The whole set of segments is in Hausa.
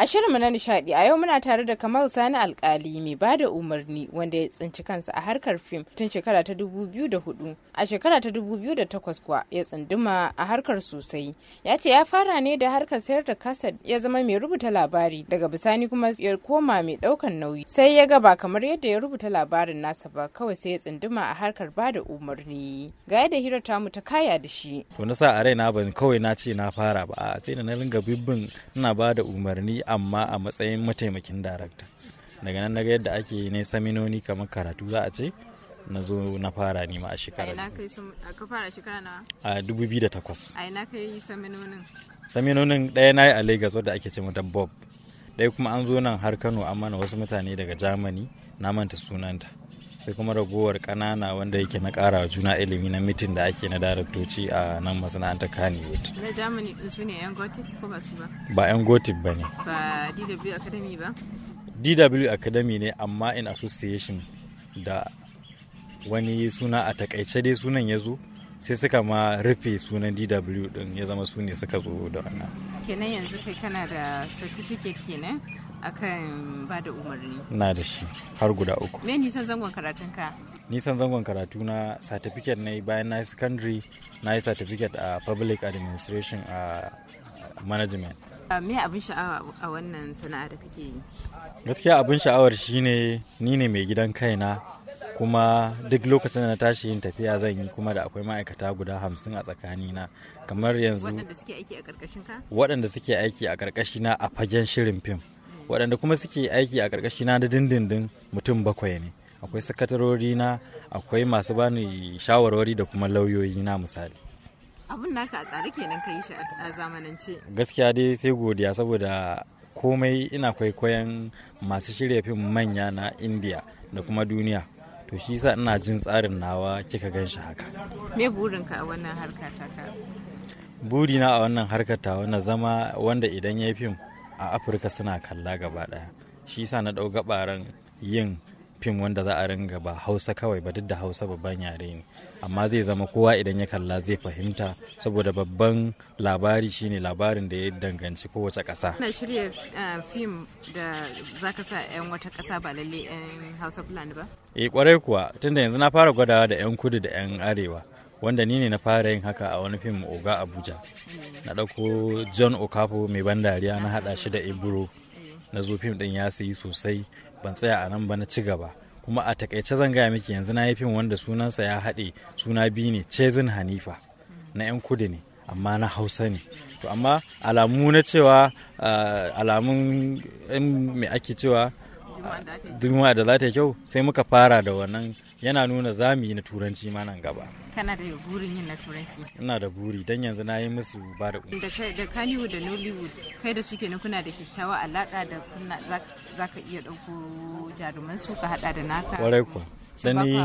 A mu na nishadi a yau muna tare da Kamal Sani Alkali mai ba da umarni wanda ya tsinci kansa a harkar fim tun shekara ta dubu biyu da hudu A shekara ta dubu biyu da 2008 kuwa ya tsunduma a harkar sosai. Ya ce ya fara ne da harkar sayar da kaset ya zama mai rubuta labari daga bisani kuma ya koma mai daukan nauyi. Sai ya gaba kamar yadda ya rubuta labarin nasa ba kawai sai ya tsunduma a harkar ba da umarni. Ga yadda hira ta mu ta kaya da shi. To na sa a raina ban kawai na ce na fara ba sai na ringa bibbin ina ba da umarni amma a matsayin mataimakin darakta daga nan daga yadda ake ne saminoni kamar karatu za a ce na zo na fara ma a shekara fara 2008 a ina ka yi saminonin saminonin ɗaya na yi a lagos wadda ake ce mata bob ɗaya kuma an zo nan har kano an mana wasu mutane daga jamani na manta sunanta sai kuma ragowar kanana wanda yake na kara juna ilimi na mitin da ake na daraktoci a nan masana'antar kaniwood na germany su ne yan gothic ko ba su ba ba yan gothic ba ne ba dw academy ba dw academy ne amma in association da wani suna a takaice dai sunan ya zo sai suka ma rufe sunan dw din ya zama su ne suka zo da wannan kenan yanzu kai kana da certificate kenan akan ba da umarni na da shi har guda uku me nisan zangon karatun ka nisan zangon karatu na certificate na bayan na secondary na yi certificate a public administration a management me abin sha'awa a wannan sana'a da kake yi gaskiya abin sha'awar shine ni ne mai gidan kaina kuma duk lokacin da na tashi yin tafiya zan yi kuma da akwai ma'aikata guda hamsin a tsakanina kamar yanzu waɗanda suke aiki a ƙarƙashina a fagen shirin fim waɗanda kuma suke aiki a ƙarƙashi na da dindindin mutum bakwai ne akwai sakatarori na akwai masu bani shawarwari da kuma lauyoyi na misali abin naka a tsare kenan ka yi shi a zamanance gaskiya dai sai godiya saboda komai ina kwaikwayon masu shirya fim manya na indiya da kuma duniya to shi yasa ina jin tsarin nawa kika gan shi haka me burinka a wannan harka ta ka burina a wannan harkar ta na zama wanda idan ya yi fim a afirka suna kalla gaba ɗaya shi sa na dau gabaran yin fim wanda za a ringa ba hausa kawai ba duk da hausa babban yare ne amma zai zama kowa idan ya kalla zai fahimta saboda babban labari shine labarin da ya danganci kowace kasa na shirya eh, fim da za ka sa 'yan wata ƙasa ba lalle 'yan hausa fulani ba? eh kwarai kuwa tunda yanzu na fara gwadawa da 'yan kudu da 'yan arewa wanda ni ne na fara yin haka a wani fim oga abuja na ɗauko john okapo mai ban dariya na haɗa shi da ibro na zo fim ɗin ya sayi sosai ban tsaya a nan ba na ci gaba kuma a takaice zan gaya miki yanzu na yi fim wanda sunansa ya haɗe suna biyu ne cezin hanifa na 'yan kudu ne amma na hausa ne to amma alamu na cewa ah, alamun eh, me ake cewa ah, duniya da za ta kyau sai muka fara da wannan yana nuna za mu yi na turanci ma nan gaba kana da burin yin na turanci ina da buri dan yanzu na yi musu ba da da kaniwood da nollywood kai da suke na kuna da kyakkyawa alaka da kuna za ka iya ɗauko jaruman su ka haɗa da naka kwarai kuwa da ni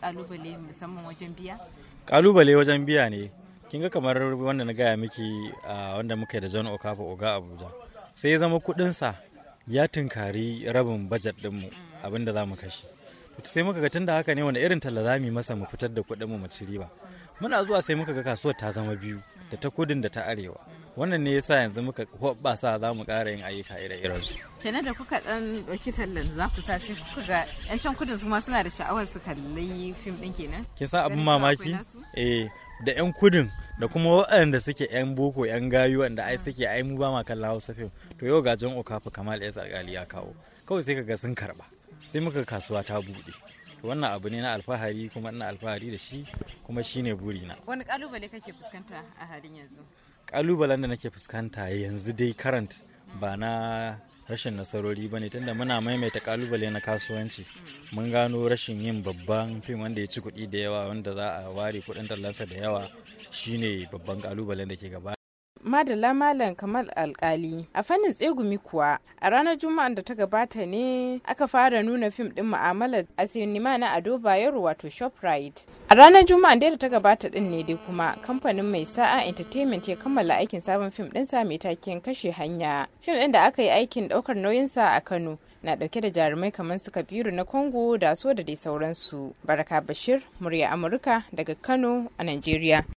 kalubale musamman wajen biya kalubale wajen biya ne kin ga kamar wanda na gaya miki wanda muka yi da John Okafa Oga Abuja sai ya zama kuɗinsa. ya tunkari rabin bajet ɗinmu, abinda za mu kashe sai muka ga tunda haka ne wani irin talla za mu masa mu fitar da kuɗin mu mu ci riba muna zuwa sai muka ga kasuwar ta zama biyu da ta kudin da ta arewa wannan ne yasa yanzu muka hoɓɓa sa za mu ƙara yin ayyuka ire-iren su kenan da kuka dan ɗauki tallan za ku sa sai kuka ga yan can kudin su ma suna da sha'awar su kalli fim ɗin kenan kin sa abin mamaki eh da yan kudin da kuma waɗanda suke yan boko yan gayu wanda ai suke ai mu ba ma kallon hausa fim to yau ga jan okafa kamal ya alƙali ya kawo kawai sai ka ga sun karɓa sai muka kasuwa ta buɗe wannan abu ne na alfahari kuma ina alfahari da shi kuma shi ne burina wani kalubale kake fuskanta a halin yanzu kalubalen da nake fuskanta yanzu dai current ba na rashin nasarori ba ne tunda muna maimaita kalubale na kasuwanci mun gano rashin yin babban fim wanda ya ci kuɗi da yawa wanda za a ware kuɗin tallansa da yawa shine babban kalubalen da ke gaba Madala Malam kamar Alkali. A fannin tsegumi kuwa, a ranar juma'ar da ta gabata ne aka fara nuna fim din ma'amala a sinima na Ado Bayero wato Shoprite. A ranar Juma'an da ta gabata din ne dai kuma kamfanin mai sa'a entertainment ya kammala aikin sabon fim sa mai taken kashe hanya. Fim ɗin da aka yi aikin ɗaukar nauyinsa a Kano na ɗauke da jarumai kamar su Kabiru na Congo da so da dai sauransu. Baraka Bashir, murya Amurka daga Kano a nigeria.